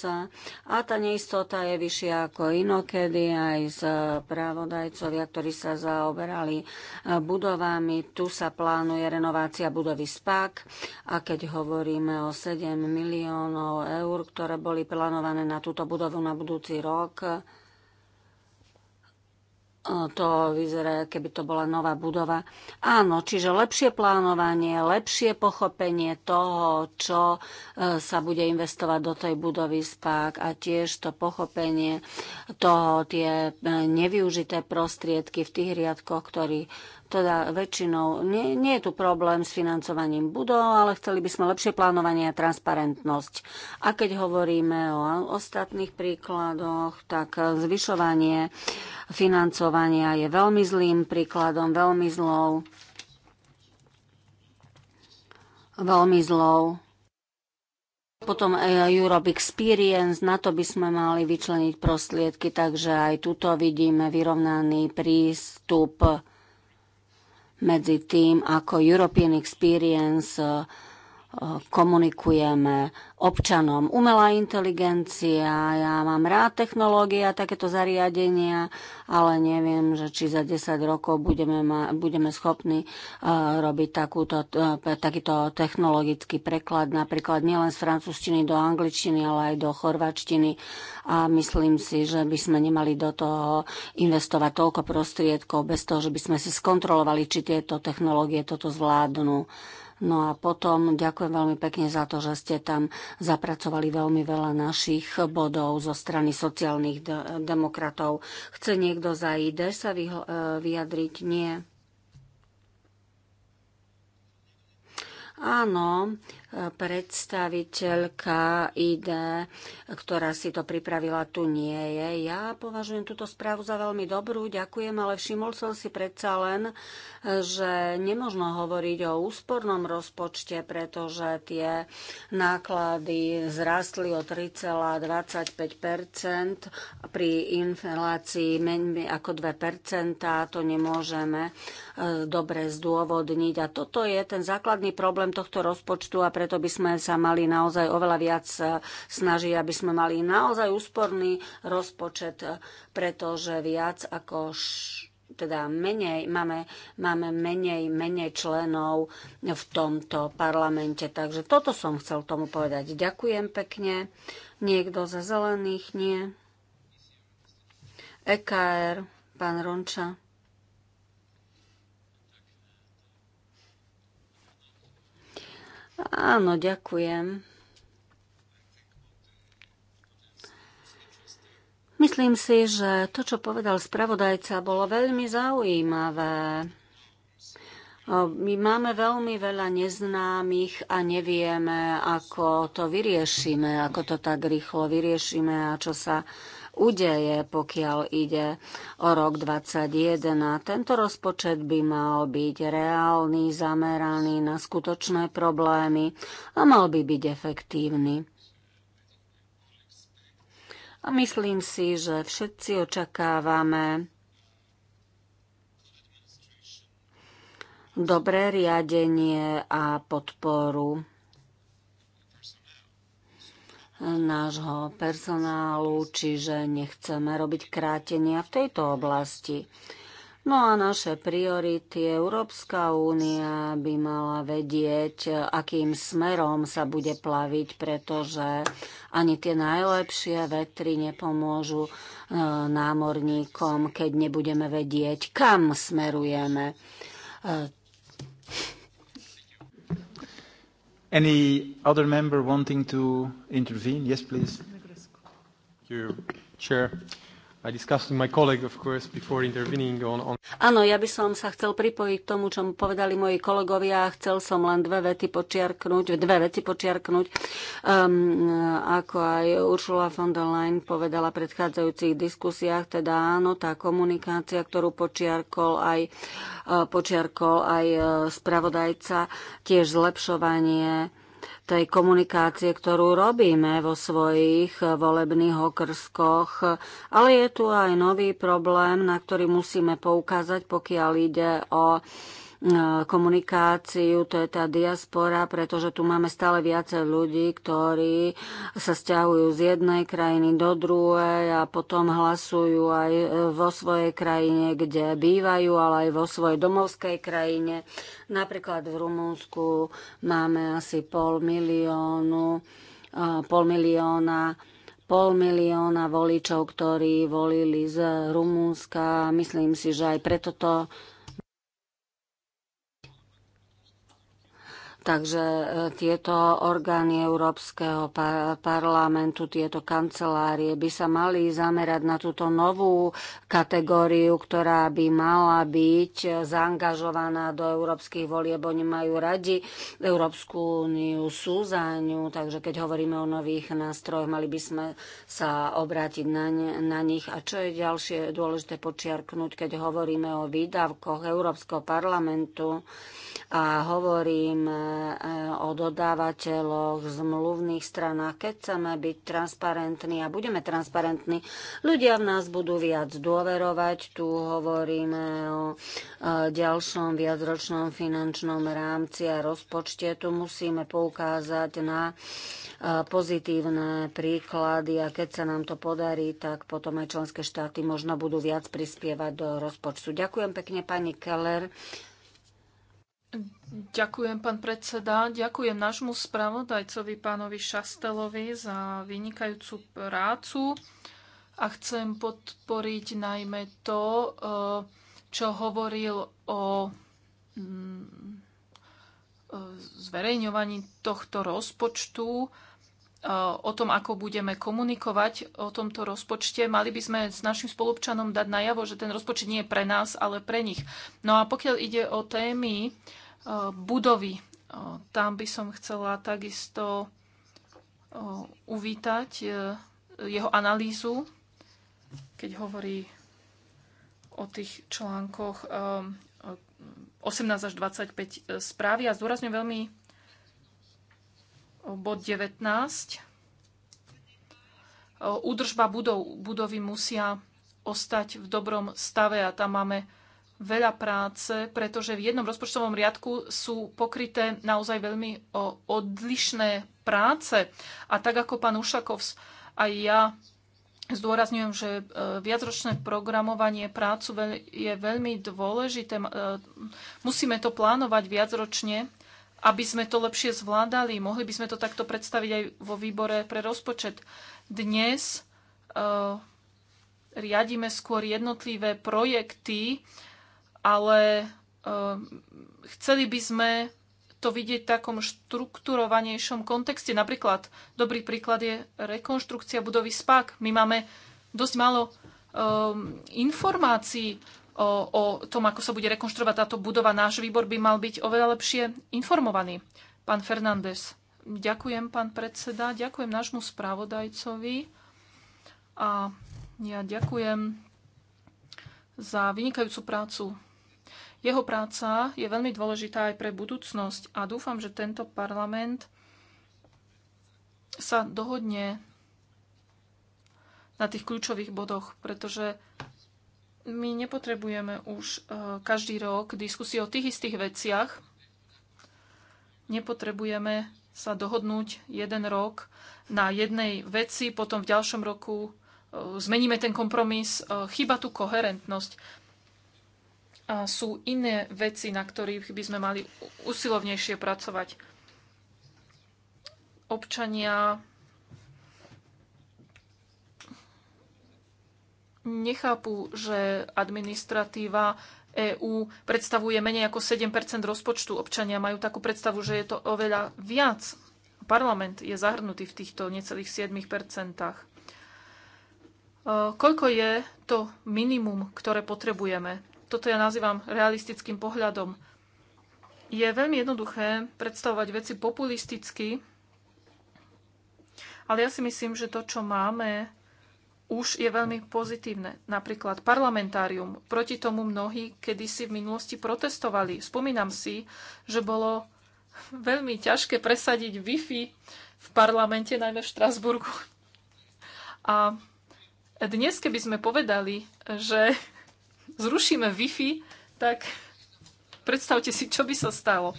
a tá neistota je vyššia ako inokedy aj z právodajcovia, ktorí sa zaoberali e, budovami. Tu sa plánuje renovácia budovy SPAK a keď hovoríme o 7 miliónov eur, ktoré boli plánované na túto budovu na budúci rok, to vyzerá, keby to bola nová budova. Áno, čiže lepšie plánovanie, lepšie pochopenie toho, čo e, sa bude investovať do tej budovy spák a tiež to pochopenie toho, tie e, nevyužité prostriedky v tých riadkoch, ktorý, teda väčšinou. Nie, nie je tu problém s financovaním budov, ale chceli by sme lepšie plánovanie a transparentnosť. A keď hovoríme o ostatných príkladoch, tak zvyšovanie financovania je veľmi zlým príkladom, veľmi zlou. Veľmi zlou. Potom e, Europe Experience, na to by sme mali vyčleniť prostriedky, takže aj tuto vidíme vyrovnaný prístup medzi tým, ako European Experience komunikujeme občanom. Umelá inteligencia, ja mám rád technológie a takéto zariadenia, ale neviem, že či za 10 rokov budeme, ma, budeme schopní uh, robiť takúto, uh, takýto technologický preklad, napríklad nielen z francúzštiny do angličtiny, ale aj do chorvačtiny. A myslím si, že by sme nemali do toho investovať toľko prostriedkov bez toho, že by sme si skontrolovali, či tieto technológie toto zvládnu No a potom ďakujem veľmi pekne za to, že ste tam zapracovali veľmi veľa našich bodov zo strany sociálnych de- demokratov. Chce niekto za ID sa e, vyjadriť? Nie. Áno, predstaviteľka ID, ktorá si to pripravila, tu nie je. Ja považujem túto správu za veľmi dobrú, ďakujem, ale všimol som si predsa len, že nemožno hovoriť o úspornom rozpočte, pretože tie náklady zrastli o 3,25 pri inflácii menej ako 2 to nemôžeme eh, dobre zdôvodniť. A toto je ten základný problém tohto rozpočtu a preto by sme sa mali naozaj oveľa viac e, snažiť, aby sme mali naozaj úsporný rozpočet, e, pretože viac ako teda menej, máme, máme menej, menej členov v tomto parlamente. Takže toto som chcel tomu povedať. Ďakujem pekne. Niekto za zelených? Nie. EKR, pán Ronča. Áno, ďakujem. Myslím si, že to, čo povedal spravodajca, bolo veľmi zaujímavé. My máme veľmi veľa neznámych a nevieme, ako to vyriešime, ako to tak rýchlo vyriešime a čo sa udeje, pokiaľ ide o rok 2021. Tento rozpočet by mal byť reálny, zameraný na skutočné problémy a mal by byť efektívny. A myslím si, že všetci očakávame dobré riadenie a podporu nášho personálu, čiže nechceme robiť krátenia v tejto oblasti. No a naše priority Európska únia by mala vedieť, akým smerom sa bude plaviť, pretože ani tie najlepšie vetry nepomôžu e, námorníkom, keď nebudeme vedieť, kam smerujeme. E, Any other member wanting to intervene? Yes, please. Thank you, Chair. I discussed with my colleague, of course, before intervening on, on... Áno, ja by som sa chcel pripojiť k tomu, čo mu povedali moji kolegovia. Chcel som len dve vety počiarknúť, dve vety počiarknúť, um, ako aj Ursula von der Leyen povedala v predchádzajúcich diskusiách, teda áno, tá komunikácia, ktorú počiarkol aj, e, počiarkol aj e, spravodajca, tiež zlepšovanie tej komunikácie, ktorú robíme vo svojich volebných okrskoch. Ale je tu aj nový problém, na ktorý musíme poukázať, pokiaľ ide o E, komunikáciu, to je tá diaspora, pretože tu máme stále viacej ľudí, ktorí sa stiahujú z jednej krajiny do druhej a potom hlasujú aj vo svojej krajine, kde bývajú, ale aj vo svojej domovskej krajine. Napríklad v Rumúnsku máme asi pol miliónu, e, pol milióna pol milióna voličov, ktorí volili z Rumúnska. Myslím si, že aj preto to Takže e, tieto orgány Európskeho parlamentu, tieto kancelárie by sa mali zamerať na túto novú kategóriu, ktorá by mala byť zaangažovaná do európskych volieb. Oni majú radi Európsku úniu, sú za ňu, takže keď hovoríme o nových nástrojoch, mali by sme sa obrátiť na, ne, na nich. A čo je ďalšie dôležité počiarknúť, keď hovoríme o výdavkoch Európskeho parlamentu a hovoríme o dodávateľoch, zmluvných stranách, keď chceme byť transparentní a budeme transparentní, ľudia v nás budú viac dôverovať. Tu hovoríme o e, ďalšom viacročnom finančnom rámci a rozpočte. Tu musíme poukázať na e, pozitívne príklady a keď sa nám to podarí, tak potom aj členské štáty možno budú viac prispievať do rozpočtu. Ďakujem pekne pani Keller Ďakujem, pán predseda. Ďakujem nášmu spravodajcovi, pánovi Šastelovi, za vynikajúcu prácu a chcem podporiť najmä to, e, čo hovoril o mm, e, zverejňovaní tohto rozpočtu o tom, ako budeme komunikovať o tomto rozpočte. Mali by sme s našim spolupčanom dať najavo, že ten rozpočet nie je pre nás, ale pre nich. No a pokiaľ ide o témy budovy, tam by som chcela takisto uvítať e, jeho analýzu, keď hovorí o tých článkoch 18 až 25 e, správy a zdôrazňujem veľmi bod 19. E, údržba budov, budovy musia ostať v dobrom stave a tam máme veľa práce, pretože v jednom rozpočtovom riadku sú pokryté naozaj veľmi odlišné práce. A tak ako pán Ušakov, aj ja zdôrazňujem, že e, viacročné programovanie prácu je veľmi dôležité. E, musíme to plánovať viacročne aby sme to lepšie zvládali. Mohli by sme to takto predstaviť aj vo výbore pre rozpočet. Dnes uh, riadíme skôr jednotlivé projekty, ale uh, chceli by sme to vidieť v takom štrukturovanejšom kontexte. Napríklad, dobrý príklad je rekonštrukcia budovy SPAK. My máme dosť málo um, informácií o tom, ako sa bude rekonštruovať táto budova, náš výbor by mal byť oveľa lepšie informovaný. Pán Fernández, ďakujem, pán predseda, ďakujem nášmu správodajcovi a ja ďakujem za vynikajúcu prácu. Jeho práca je veľmi dôležitá aj pre budúcnosť a dúfam, že tento parlament sa dohodne na tých kľúčových bodoch, pretože my nepotrebujeme už e, každý rok diskusie o tých istých veciach. Nepotrebujeme sa dohodnúť jeden rok na jednej veci, potom v ďalšom roku e, zmeníme ten kompromis. E, chyba tu koherentnosť. A sú iné veci, na ktorých by sme mali usilovnejšie pracovať. Občania nechápu, že administratíva EÚ predstavuje menej ako 7 rozpočtu. Občania majú takú predstavu, že je to oveľa viac. Parlament je zahrnutý v týchto necelých 7 e, Koľko je to minimum, ktoré potrebujeme? Toto ja nazývam realistickým pohľadom. Je veľmi jednoduché predstavovať veci populisticky, ale ja si myslím, že to, čo máme už je veľmi pozitívne. Napríklad parlamentárium. Proti tomu mnohí kedysi v minulosti protestovali. Spomínam si, že bolo veľmi ťažké presadiť Wi-Fi v parlamente, najmä v Štrasburgu. A dnes, keby sme povedali, že zrušíme Wi-Fi, tak predstavte si, čo by sa stalo.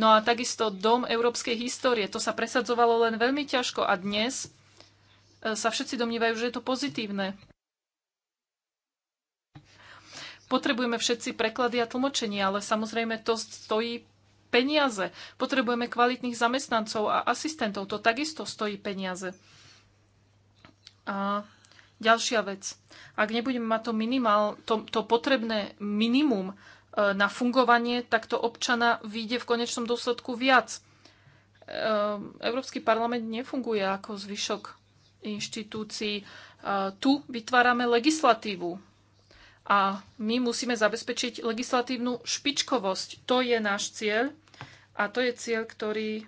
No a takisto Dom európskej histórie, to sa presadzovalo len veľmi ťažko a dnes sa všetci domnívajú, že je to pozitívne. Potrebujeme všetci preklady a tlmočenie, ale samozrejme to stojí peniaze. Potrebujeme kvalitných zamestnancov a asistentov. To takisto stojí peniaze. A ďalšia vec. Ak nebudeme mať to, minimál, to, to potrebné minimum e, na fungovanie, tak to občana vyjde v konečnom dôsledku viac. E, Európsky parlament nefunguje ako zvyšok inštitúcií. E, tu vytvárame legislatívu a my musíme zabezpečiť legislatívnu špičkovosť. To je náš cieľ a to je cieľ, ktorý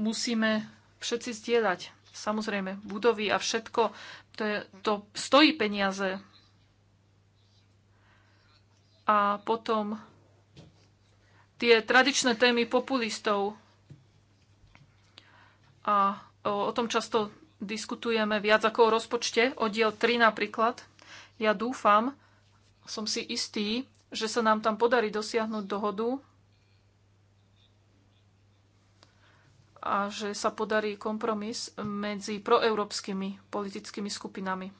musíme všetci zdieľať. Samozrejme, budovy a všetko, to, je, to stojí peniaze. A potom tie tradičné témy populistov a O tom často diskutujeme viac ako o rozpočte, oddiel 3 napríklad. Ja dúfam, som si istý, že sa nám tam podarí dosiahnuť dohodu a že sa podarí kompromis medzi proeurópskymi politickými skupinami,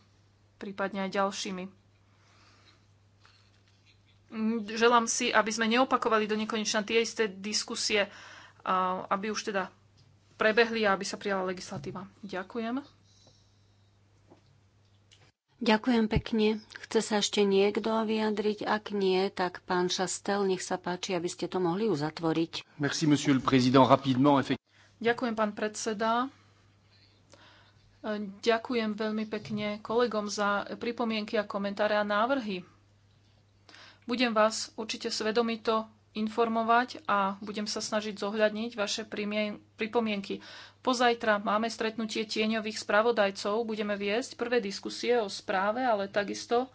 prípadne aj ďalšími. Želám si, aby sme neopakovali do nekonečna tie isté diskusie, aby už teda prebehli a aby sa prijala legislatíva. Ďakujem. Ďakujem pekne. Chce sa ešte niekto vyjadriť? Ak nie, tak pán Šastel, nech sa páči, aby ste to mohli uzatvoriť. Merci, monsieur le président. Rapidement, Ďakujem, pán predseda. Ďakujem veľmi pekne kolegom za pripomienky a komentáre a návrhy. Budem vás určite svedomito informovať a budem sa snažiť zohľadniť vaše pripomienky. Pozajtra máme stretnutie tieňových spravodajcov, budeme viesť prvé diskusie o správe, ale takisto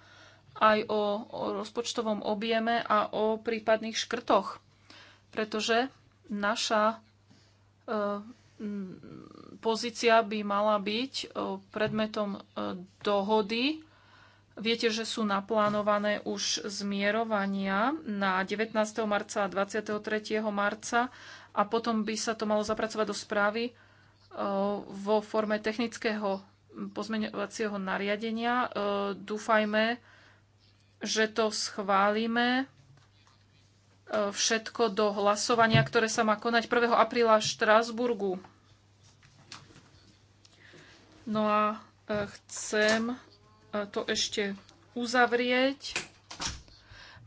aj o, o rozpočtovom objeme a o prípadných škrtoch, pretože naša e, pozícia by mala byť e, predmetom e, dohody Viete, že sú naplánované už zmierovania na 19. marca a 23. marca a potom by sa to malo zapracovať do správy e, vo forme technického pozmeňovacieho nariadenia. E, dúfajme, že to schválime e, všetko do hlasovania, ktoré sa má konať 1. apríla v Štrásburgu. No a chcem to ešte uzavrieť.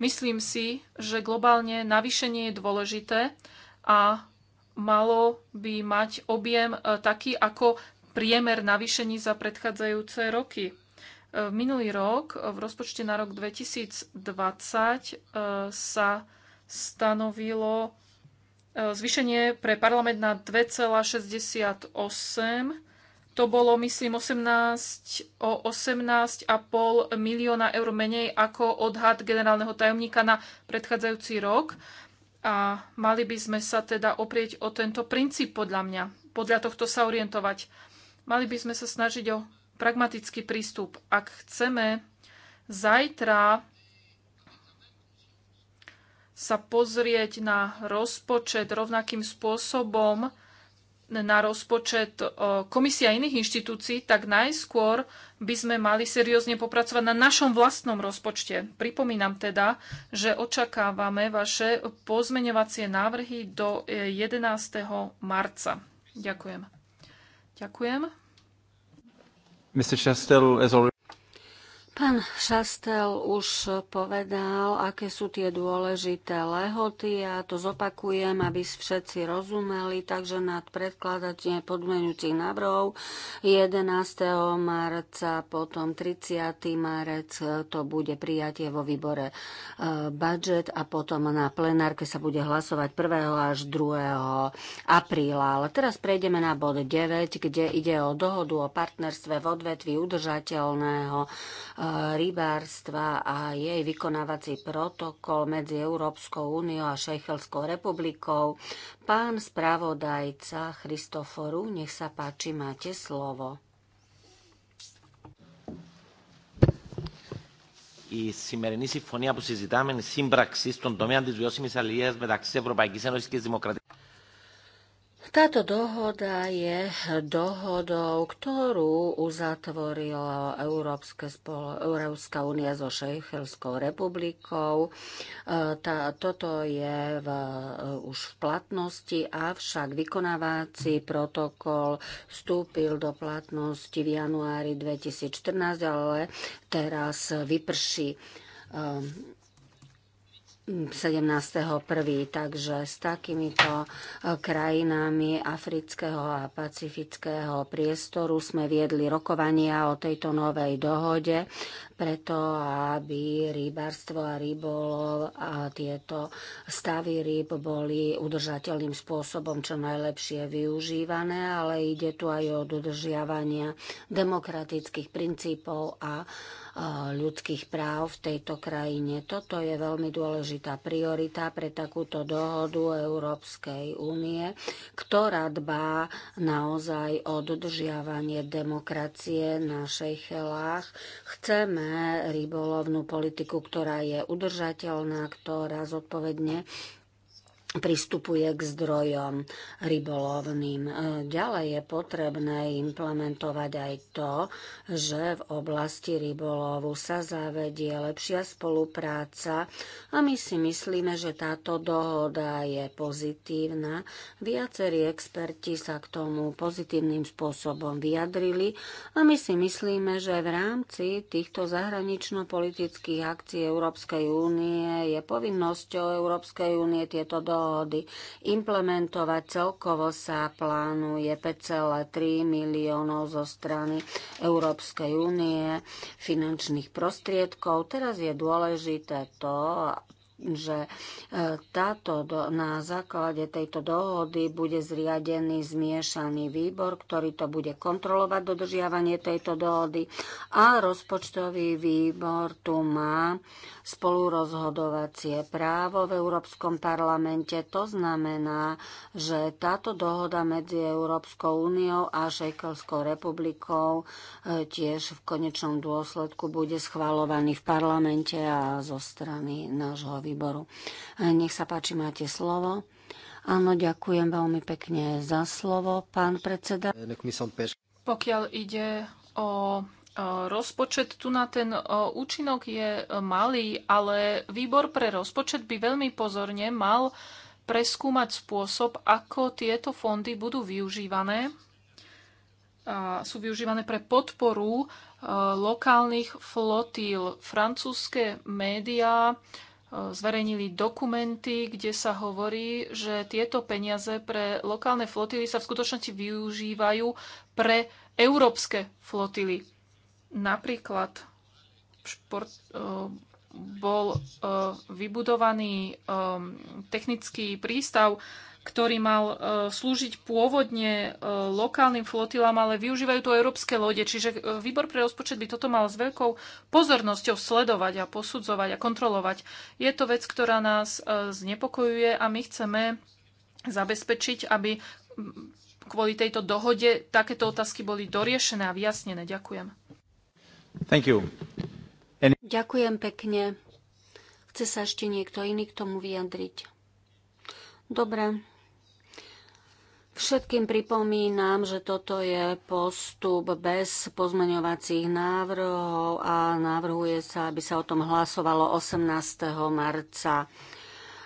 Myslím si, že globálne navýšenie je dôležité a malo by mať objem e, taký ako priemer navýšení za predchádzajúce roky. E, minulý rok, e, v rozpočte na rok 2020 sa stanovilo zvýšenie pre parlament na 2,68 to bolo, myslím, 18, o 18,5 milióna eur menej ako odhad generálneho tajomníka na predchádzajúci rok. A mali by sme sa teda oprieť o tento princíp, podľa mňa. Podľa tohto sa orientovať. Mali by sme sa snažiť o pragmatický prístup. Ak chceme zajtra sa pozrieť na rozpočet rovnakým spôsobom, na rozpočet komisia iných inštitúcií, tak najskôr by sme mali seriózne popracovať na našom vlastnom rozpočte. Pripomínam teda, že očakávame vaše pozmeňovacie návrhy do 11. E, marca. Ďakujem. Ďakujem. Mr. Chastel, as already... Pán Šastel už povedal, aké sú tie dôležité lehoty. Ja to zopakujem, aby všetci rozumeli. Takže nad predkladanie podmenujúcich návrhov 11. marca, potom 30. marec to bude prijatie vo výbore e, budget a potom na plenárke sa bude hlasovať 1. až 2. apríla. Ale teraz prejdeme na bod 9, kde ide o dohodu o partnerstve v odvetvi udržateľného e, rybárstva a jej vykonávací protokol medzi Európskou úniou a Šejchelskou republikou. Pán spravodajca Christoforu, nech sa páči, máte slovo. η σημερινή συμφωνία που συζητάμε είναι σύμπραξη στον τομέα τη βιώσιμη αλληλεία μεταξύ Ευρωπαϊκή Ένωση και Δημοκρατία. Táto dohoda je dohodou, ktorú uzatvorila Európske spolo, Európska únia so Šejchelskou republikou. E, tá, toto je v, e, už v platnosti, avšak vykonávací protokol vstúpil do platnosti v januári 2014, ale teraz vyprší e, 17.1. Takže s takýmito e, krajinami afrického a pacifického priestoru sme viedli rokovania o tejto novej dohode, preto aby rybárstvo a rybolov a tieto stavy rýb boli udržateľným spôsobom čo najlepšie využívané, ale ide tu aj o dodržiavanie demokratických princípov a ľudských práv v tejto krajine. Toto je veľmi dôležitá priorita pre takúto dohodu Európskej únie, ktorá dbá naozaj o dodržiavanie demokracie v Šejchelách. chelách. Chceme rybolovnú politiku, ktorá je udržateľná, ktorá zodpovedne pristupuje k zdrojom rybolovným. E, Ďalej je potrebné implementovať aj to, že v oblasti rybolovu sa zavedie lepšia spolupráca a my si myslíme, že táto dohoda je pozitívna. Viacerí experti sa k tomu pozitívnym spôsobom vyjadrili a my si myslíme, že v rámci týchto zahranično-politických akcií Európskej únie je povinnosťou Európskej únie tieto dohody dohody implementovať. Celkovo sa plánuje 5,3 miliónov zo strany Európskej únie finančných prostriedkov. Teraz je dôležité to, že e, táto do, na základe tejto dohody bude zriadený zmiešaný výbor, ktorý to bude kontrolovať dodržiavanie tejto dohody a rozpočtový výbor tu má spolurozhodovacie právo v Európskom parlamente. To znamená, že táto dohoda medzi Európskou úniou a Šejkelskou republikou e, tiež v konečnom dôsledku bude schvalovaný v parlamente a zo strany nášho výboru. E, nech sa páči, máte slovo. Áno, ďakujem veľmi pekne za slovo, pán predseda. Pokiaľ ide o Rozpočet tu na ten účinok je malý, ale výbor pre rozpočet by veľmi pozorne mal preskúmať spôsob, ako tieto fondy budú využívané. A sú využívané pre podporu lokálnych flotíl. Francúzske médiá zverejnili dokumenty, kde sa hovorí, že tieto peniaze pre lokálne flotily sa v skutočnosti využívajú pre európske flotily. Napríklad šport, e, bol e, vybudovaný e, technický prístav, ktorý mal slúžiť pôvodne lokálnym flotilám, ale využívajú to európske lode. Čiže výbor pre rozpočet by toto mal s veľkou pozornosťou sledovať a posudzovať a kontrolovať. Je to vec, ktorá nás znepokojuje a my chceme zabezpečiť, aby kvôli tejto dohode takéto otázky boli doriešené a vyjasnené. Ďakujem. Ďakujem pekne. Chce sa ešte niekto iný k tomu vyjadriť? Dobre. Všetkým pripomínam, že toto je postup bez pozmeňovacích návrhov a navrhuje sa, aby sa o tom hlasovalo 18. marca.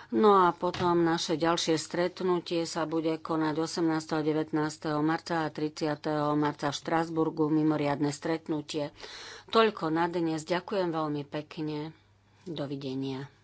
No a potom naše ďalšie stretnutie sa bude konať 18. a 19. marca a 30. marca v Štrasburgu mimoriadne stretnutie. Toľko na dnes. Ďakujem veľmi pekne. Dovidenia.